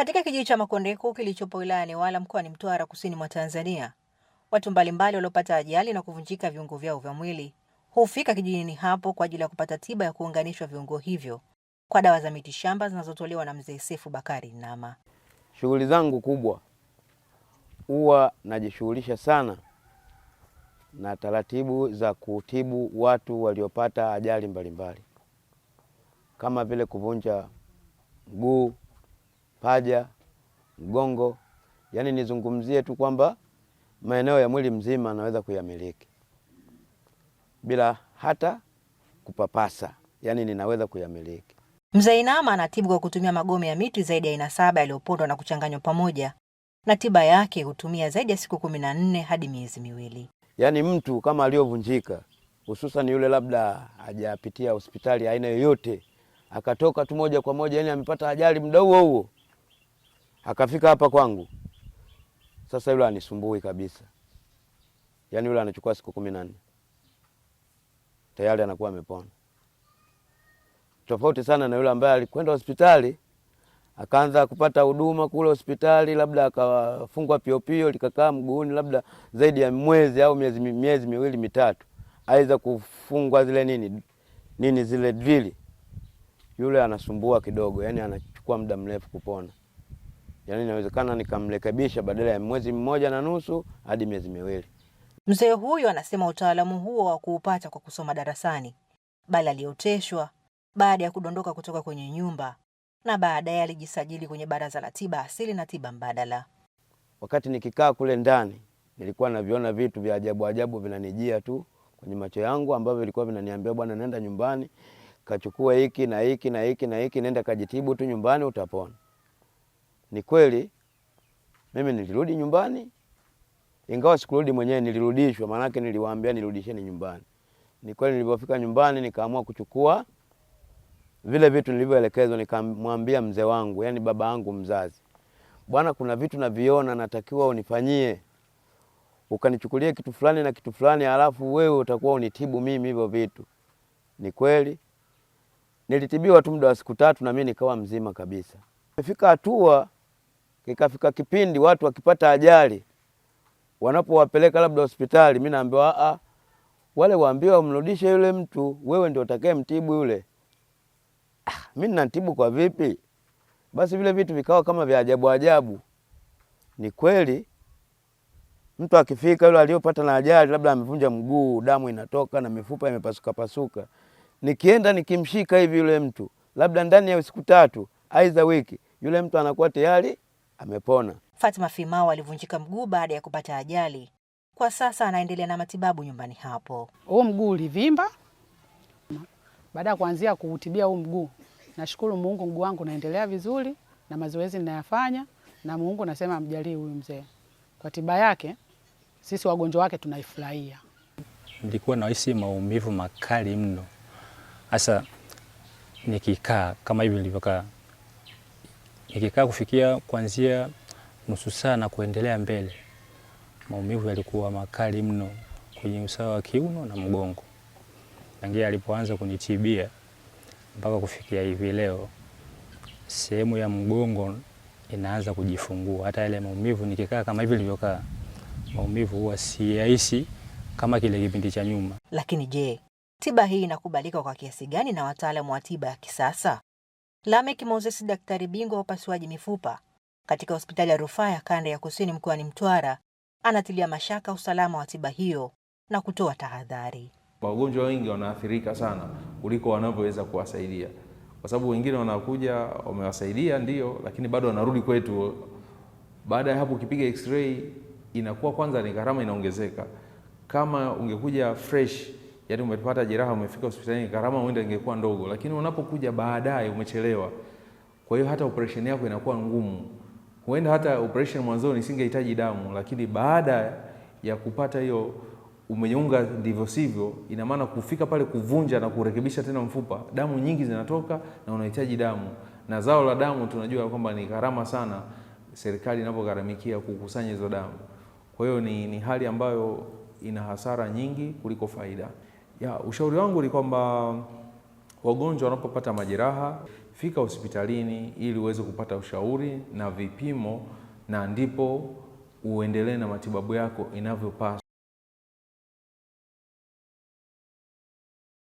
Katika kijiji cha Makondeko kilichopo wilaya wilayani newala mkoani Mtwara kusini mwa Tanzania, watu mbalimbali waliopata ajali na kuvunjika viungo vyao vya mwili hufika kijijini hapo kwa ajili ya kupata tiba ya kuunganishwa viungo hivyo kwa dawa za miti shamba zinazotolewa na mzee Sefu Bakari Nama. Shughuli zangu kubwa huwa najishughulisha sana na taratibu za kutibu watu waliopata ajali mbalimbali mbali, kama vile kuvunja mguu paja, mgongo, yaani nizungumzie tu kwamba maeneo ya mwili mzima anaweza kuyamiliki bila hata kupapasa, yaani ninaweza kuyamiliki. Mzee Inama anatibu kwa kutumia magome ya miti zaidi ya aina saba yaliyopondwa na kuchanganywa pamoja, na tiba yake hutumia zaidi ya siku kumi na nne hadi miezi miwili. Yaani mtu kama aliyovunjika, hususan yule labda hajapitia hospitali aina yoyote, akatoka tu moja kwa moja, yaani amepata ajali muda huo huo akafika hapa kwangu. Sasa yule anisumbui kabisa, yaani yule anachukua siku kumi na nne tayari anakuwa amepona, tofauti sana na yule ambaye alikwenda hospitali akaanza kupata huduma kule hospitali, labda akafungwa piopio likakaa mguuni labda zaidi ya mwezi au miezi, miezi miwili mitatu, aweza kufungwa zile nini nini zile drili. Yule anasumbua kidogo, yani anachukua muda mrefu kupona yaani inawezekana nikamrekebisha badala ya mwezi mmoja na nusu hadi miezi miwili. Mzee huyo anasema utaalamu huo wa kuupata kwa kusoma darasani, bali alioteshwa baada ya kudondoka kutoka kwenye nyumba, na baadaye alijisajili kwenye Baraza la Tiba Asili na Tiba Mbadala. Wakati nikikaa kule ndani, nilikuwa naviona vitu vya ajabu ajabu vinanijia tu kwenye macho yangu, ambavyo vilikuwa vinaniambia, bwana, nenda nyumbani kachukua hiki na hiki na hiki na hiki, nenda kajitibu tu nyumbani, utapona. Ni kweli mimi nilirudi nyumbani, ingawa sikurudi mwenyewe, nilirudishwa. yake niliwaambia nirudisheni nyumbani. Ni kweli nilipofika nyumbani, nikaamua kuchukua vile vitu nilivyoelekezwa, nikamwambia mzee wangu, yani baba yangu mzazi, bwana, kuna vitu naviona, natakiwa unifanyie ukanichukulie kitu fulani na kitu fulani, alafu wewe utakuwa unitibu mimi hivyo vitu. Ni kweli nilitibiwa tu muda wa siku tatu, na mimi nikawa mzima kabisa. Imefika hatua Kikafika kipindi watu wakipata ajali, wanapowapeleka labda hospitali, mi naambiwa a, wale waambiwa wamrudishe yule mtu, wewe ndio utakaye mtibu yule. Ah, mi ninatibu kwa vipi? Basi vile vitu vikawa kama vya ajabu ajabu. Ni kweli mtu akifika yule aliyopata na ajali, labda amevunja mguu, damu inatoka na mifupa imepasuka pasuka, nikienda nikimshika hivi yule mtu, labda ndani ya siku tatu aidha wiki, yule mtu anakuwa tayari amepona. Fatma Fimau alivunjika mguu baada ya kupata ajali. Kwa sasa anaendelea na matibabu nyumbani hapo. Huu mguu ulivimba, baada ya kuanzia kuutibia huu mguu, nashukuru Mungu, mguu wangu naendelea vizuri na mazoezi ninayafanya, na Mungu nasema mjalii huyu mzee kwa tiba yake, sisi wagonjwa wake tunaifurahia. Nilikuwa nahisi maumivu makali mno, hasa nikikaa kama hivi nilivyokaa Nikikaa kufikia kuanzia nusu saa na kuendelea mbele, maumivu yalikuwa makali mno kwenye usawa wa kiuno na mgongo. Tangia alipoanza kunitibia mpaka kufikia hivi leo, sehemu ya mgongo inaanza kujifungua. Hata yale maumivu nikikaa kama hivi nilivyokaa, maumivu huwa siyahisi kama kile kipindi cha nyuma. Lakini je, tiba hii inakubalika kwa kiasi gani na wataalamu wa tiba ya kisasa? lamek Moses, daktari bingwa wa upasuaji mifupa katika hospitali ya rufaa ya kanda ya kusini mkoani Mtwara, anatilia mashaka usalama wa tiba hiyo na kutoa tahadhari. Wagonjwa wengi wanaathirika sana kuliko wanavyoweza kuwasaidia, kwa sababu wengine wanakuja wamewasaidia, ndio, lakini bado wanarudi kwetu. Baada ya hapo, ukipiga x-ray inakuwa kwanza ni gharama inaongezeka. Kama ungekuja fresh yaani umepata jeraha, umefika hospitalini, gharama huenda ingekuwa ndogo, lakini unapokuja baadaye umechelewa. Kwa hiyo hata operation yako inakuwa ngumu. Huenda hata operation mwanzoni isingehitaji damu, lakini baada ya kupata hiyo umenyunga ndivyo sivyo, ina maana kufika pale kuvunja na kurekebisha tena mfupa, damu nyingi zinatoka na unahitaji damu, na zao la damu tunajua kwamba ni gharama sana, serikali inapogharamikia kukusanya hizo damu. Kwa hiyo ni, ni hali ambayo ina hasara nyingi kuliko faida. Ya, ushauri wangu ni kwamba wagonjwa wanapopata majeraha, fika hospitalini ili uweze kupata ushauri na vipimo, na ndipo uendelee na matibabu yako inavyopaswa.